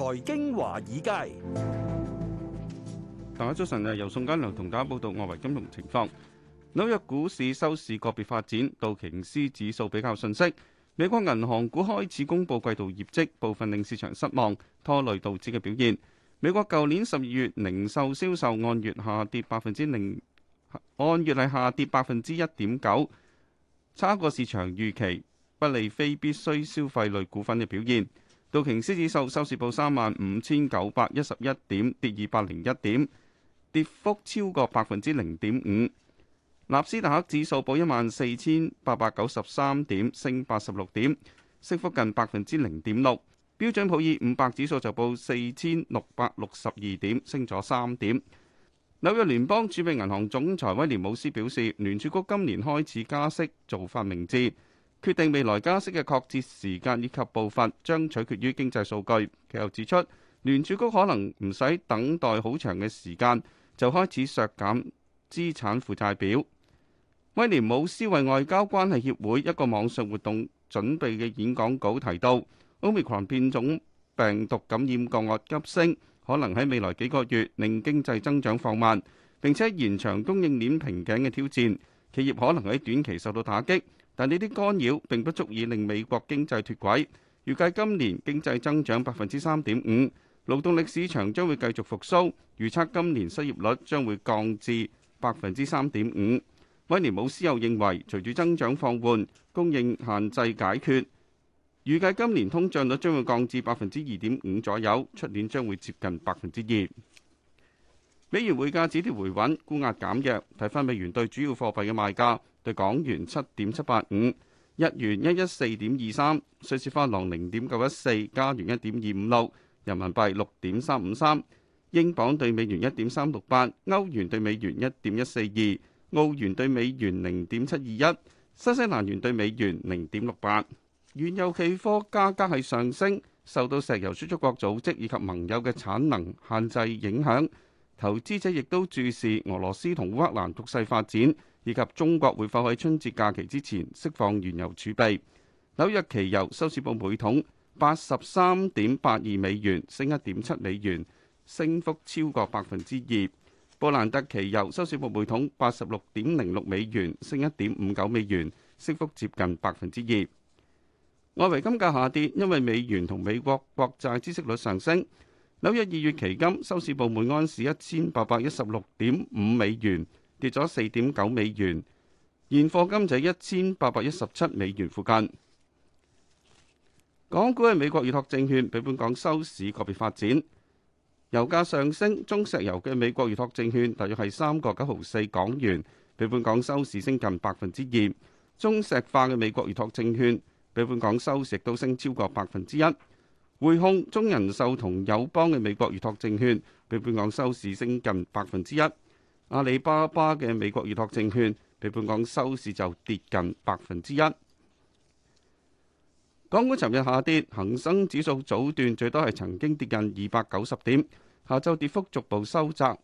財經華爾街，大家早晨啊！由宋嘉良同大家報道外圍金融情況。紐約股市收市個別發展，道瓊斯指數比較遜色。美國銀行股開始公布季度業績，部分令市場失望，拖累道指嘅表現。美國舊年十二月零售銷售，售按月下跌百分之零，按月係下跌百分之一點九，差過市場預期，不利非必需消費類股份嘅表現。道瓊斯指數收市報三萬五千九百一十一點，跌二百零一點，跌幅超過百分之零點五。納斯達克指數報一萬四千八百九十三點，升八十六點，升幅近百分之零點六。標準普爾五百指數就報四千六百六十二點，升咗三點。紐約聯邦儲備銀行總裁威廉姆斯表示，聯儲局今年開始加息，做法明智。決定未來加息嘅確切時間以及步伐，將取決於經濟數據。佢又指出，聯儲局可能唔使等待好長嘅時間，就開始削減資產負債表。威廉姆斯為外交關係協會一個網上活動準備嘅演講稿提到，Omicron 變種病毒感染個案急升，可能喺未來幾個月令經濟增長放慢，並且延長供應鏈瓶頸嘅挑戰，企業可能喺短期受到打擊。但呢啲干擾並不足以令美國經濟脫軌，預計今年經濟增長百分之三點五，勞動力市場將會繼續復甦，預測今年失業率將會降至百分之三點五。威廉姆斯又認為，隨住增長放緩，供應限制解決，預計今年通脹率將會降至百分之二點五左右，出年將會接近百分之二。美元匯價止跌回穩沽壓減弱，睇翻美元對主要貨幣嘅賣價。對港元七點七八五，日元一一四點二三，瑞士法郎零點九一四，加元一點二五六，人民幣六點三五三，英鎊對美元一點三六八，歐元對美元一點一四二，澳元對美元零點七二一，新西蘭元對美元零點六八。原油期貨價格係上升，受到石油輸出國組織以及盟友嘅產能限制影響。投資者亦都注視俄羅斯同烏克蘭局勢發展，以及中國會否喺春節假期之前釋放原油儲備。紐約期油收市報每桶八十三點八二美元，升一點七美元，升幅超過百分之二。布蘭特期油收市報每桶八十六點零六美元，升一點五九美元，升幅接近百分之二。外圍金價下跌，因為美元同美國國債孳息率上升。紐約二月期金收市報每安士一千八百一十六點五美元，跌咗四點九美元。現貨金就係一千八百一十七美元附近。港股嘅美國預託證券，比本港收市個別發展。油價上升，中石油嘅美國預託證券大約係三個九毫四港元，比本港收市升近百分之二。中石化嘅美國預託證券比本港收市都升超過百分之一。匯控、中人壽同友邦嘅美國預託證券，比本港收市升近百分之一；阿里巴巴嘅美國預託證券，比本港收市就跌近百分之一。港股尋日下跌，恒生指數早段最多係曾經跌近二百九十點，下晝跌幅逐步收窄，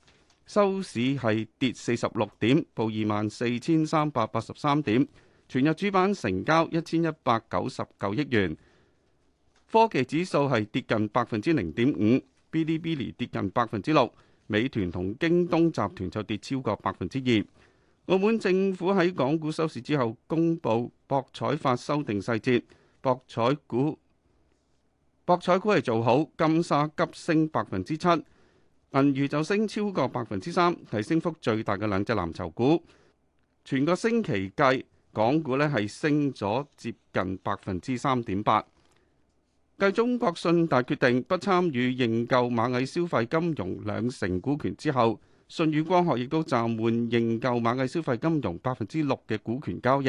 收市係跌四十六點，報二萬四千三百八十三點。全日主板成交一千一百九十九億元。科技指數係跌近百分之零點五，Bilibili 跌近百分之六，美團同京東集團就跌超過百分之二。澳門政府喺港股收市之後，公佈博彩法修訂細節，博彩股博彩股係做好，金沙急升百分之七，銀娛就升超過百分之三，係升幅最大嘅兩隻藍籌股。全個星期計，港股呢係升咗接近百分之三點八。繼中國信達決定不參與認購螞蟻消費金融兩成股權之後，信宇光學亦都暫緩認購螞蟻消費金融百分之六嘅股權交易。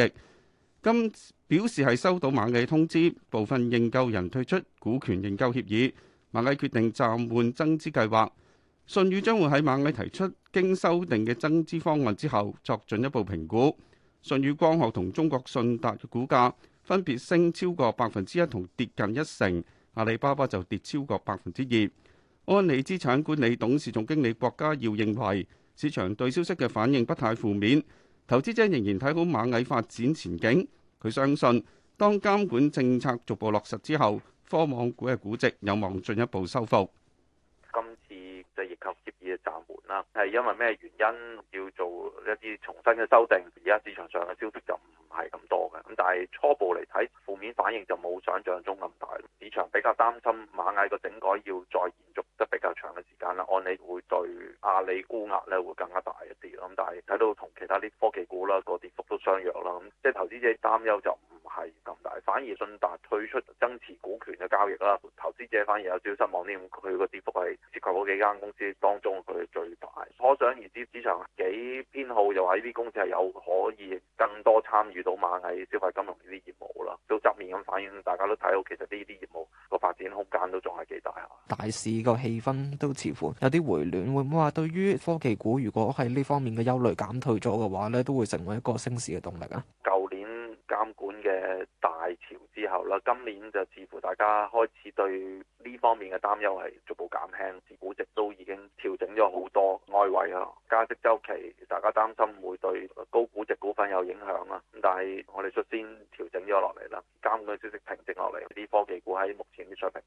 今表示係收到螞蟻通知，部分認購人退出股權認購協議，螞蟻決定暫緩增資計劃。信宇將會喺螞蟻提出經修訂嘅增資方案之後作進一步評估。信宇光學同中國信達嘅股價分別升超過百分之一同跌近一成，阿里巴巴就跌超過百分之二。安理資產管理董事總經理郭家耀認為，市場對消息嘅反應不太負面，投資者仍然睇好螞蟻發展前景。佢相信，當監管政策逐步落實之後，科網股嘅估值有望進一步收復。今次就涉及嘅暫緩啦，係因為咩原因要做一啲重新嘅修訂？而家市場上嘅消息就唔係咁多嘅，咁但係初步嚟睇，負面反應就冇想象中咁大。市場比較擔心螞蟻個整改要再延續得比較長嘅時間啦。按理會對阿里估壓咧會更加大一啲，咁但係睇到同其他啲科技股啦個跌幅都相若啦，咁即係投資者擔憂就。係咁大，反而信達推出增持股權嘅交易啦，投資者反而有少少失望呢，佢個跌幅係涉及嗰幾間公司當中佢最大。可想而知，市場幾偏好又話呢啲公司係有可以更多參與到螞蟻消費金融呢啲業務啦。都側面咁反映，大家都睇到其實呢啲業務個發展空間都仲係幾大啊。大市個氣氛都似乎有啲回暖。會唔會話對於科技股，如果喺呢方面嘅憂慮減退咗嘅話咧，都會成為一個升市嘅動力啊？今年就似乎大家開始對呢方面嘅擔憂係逐步減輕，啲估值都已經調整咗好多，外圍啊加息週期，周期大家擔心會對高估值股份有影響啊。咁但係我哋率先調整咗落嚟啦，監管消息平靜落嚟，啲科技股喺目前嘅水平。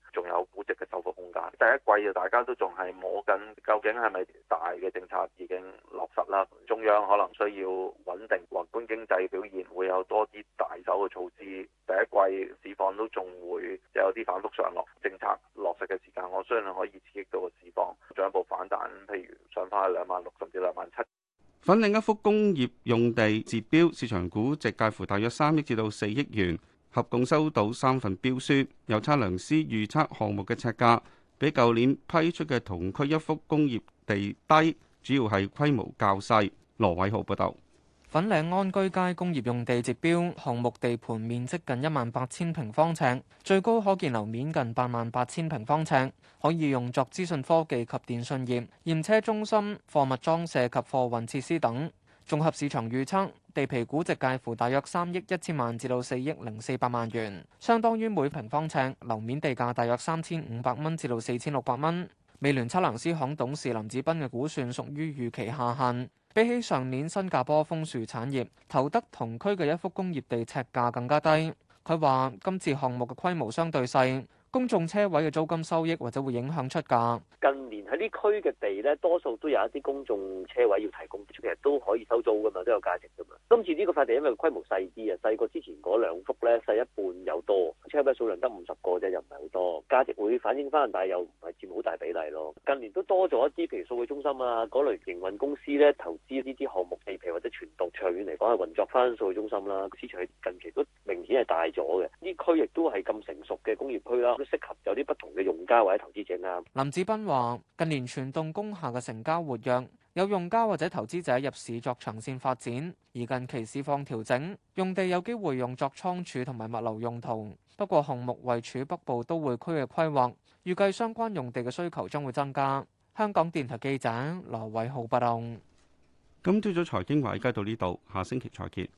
第一季就大家都仲係摸緊究竟係咪大嘅政策已經落實啦？中央可能需要穩定宏觀經濟表現，會有多啲大手嘅措施。第一季市況都仲會有啲反復上落，政策落實嘅時間，我相信可以刺激到個市況進一步反彈，譬如上翻去兩萬六甚至兩萬七。粉嶺一幅工業用地截標，市場估值介乎大約三億至到四億元，合共收到三份標書，有測量師預測項目嘅尺價。比舊年批出嘅同區一幅工業地低，主要係規模較細。羅偉浩報道：粉嶺安居街工業用地指標，項目地盤面積近一萬八千平方尺，最高可建樓面近八萬八千平方尺，可以用作資訊科技及電訊業、驗車中心、貨物裝卸及貨運設施等。綜合市場預測，地皮估值介乎大約三億一千萬至到四億零四百萬元，相當於每平方尺樓面地價大約三千五百蚊至到四千六百蚊。美聯測量師行董事林子斌嘅估算屬於預期下限。比起上年新加坡楓樹產業，投得同區嘅一幅工業地尺價更加低。佢話今次項目嘅規模相對細。公眾車位嘅租金收益或者會影響出價。近年喺呢區嘅地咧，多數都有一啲公眾車位要提供，其實都可以收租噶嘛，都有價值噶嘛。今次呢個塊地因為規模細啲啊，細過之前嗰兩幅咧，細一半有多，車位數量得五十個啫，又唔係好多，價值會反映翻，但係又唔係佔好大比例咯。近年都多咗一啲，譬如數據中心啊，嗰類營運公司咧，投資呢啲項目地皮，或者全獨長遠嚟講係運作翻數據中心啦。市場近期都。已經係大咗嘅，呢區亦都係咁成熟嘅工業區啦，都適合有啲不同嘅用家或者投資者啦。林子斌話：近年全幢工廈嘅成交活躍，有用家或者投資者入市作長線發展，而近期市況調整，用地有機會用作倉儲同埋物流用途。不過項目位處北部都會區嘅規劃，預計相關用地嘅需求將會增加。香港電台記者羅偉浩筆錄。咁朝早財經話而家到呢度，下星期再見。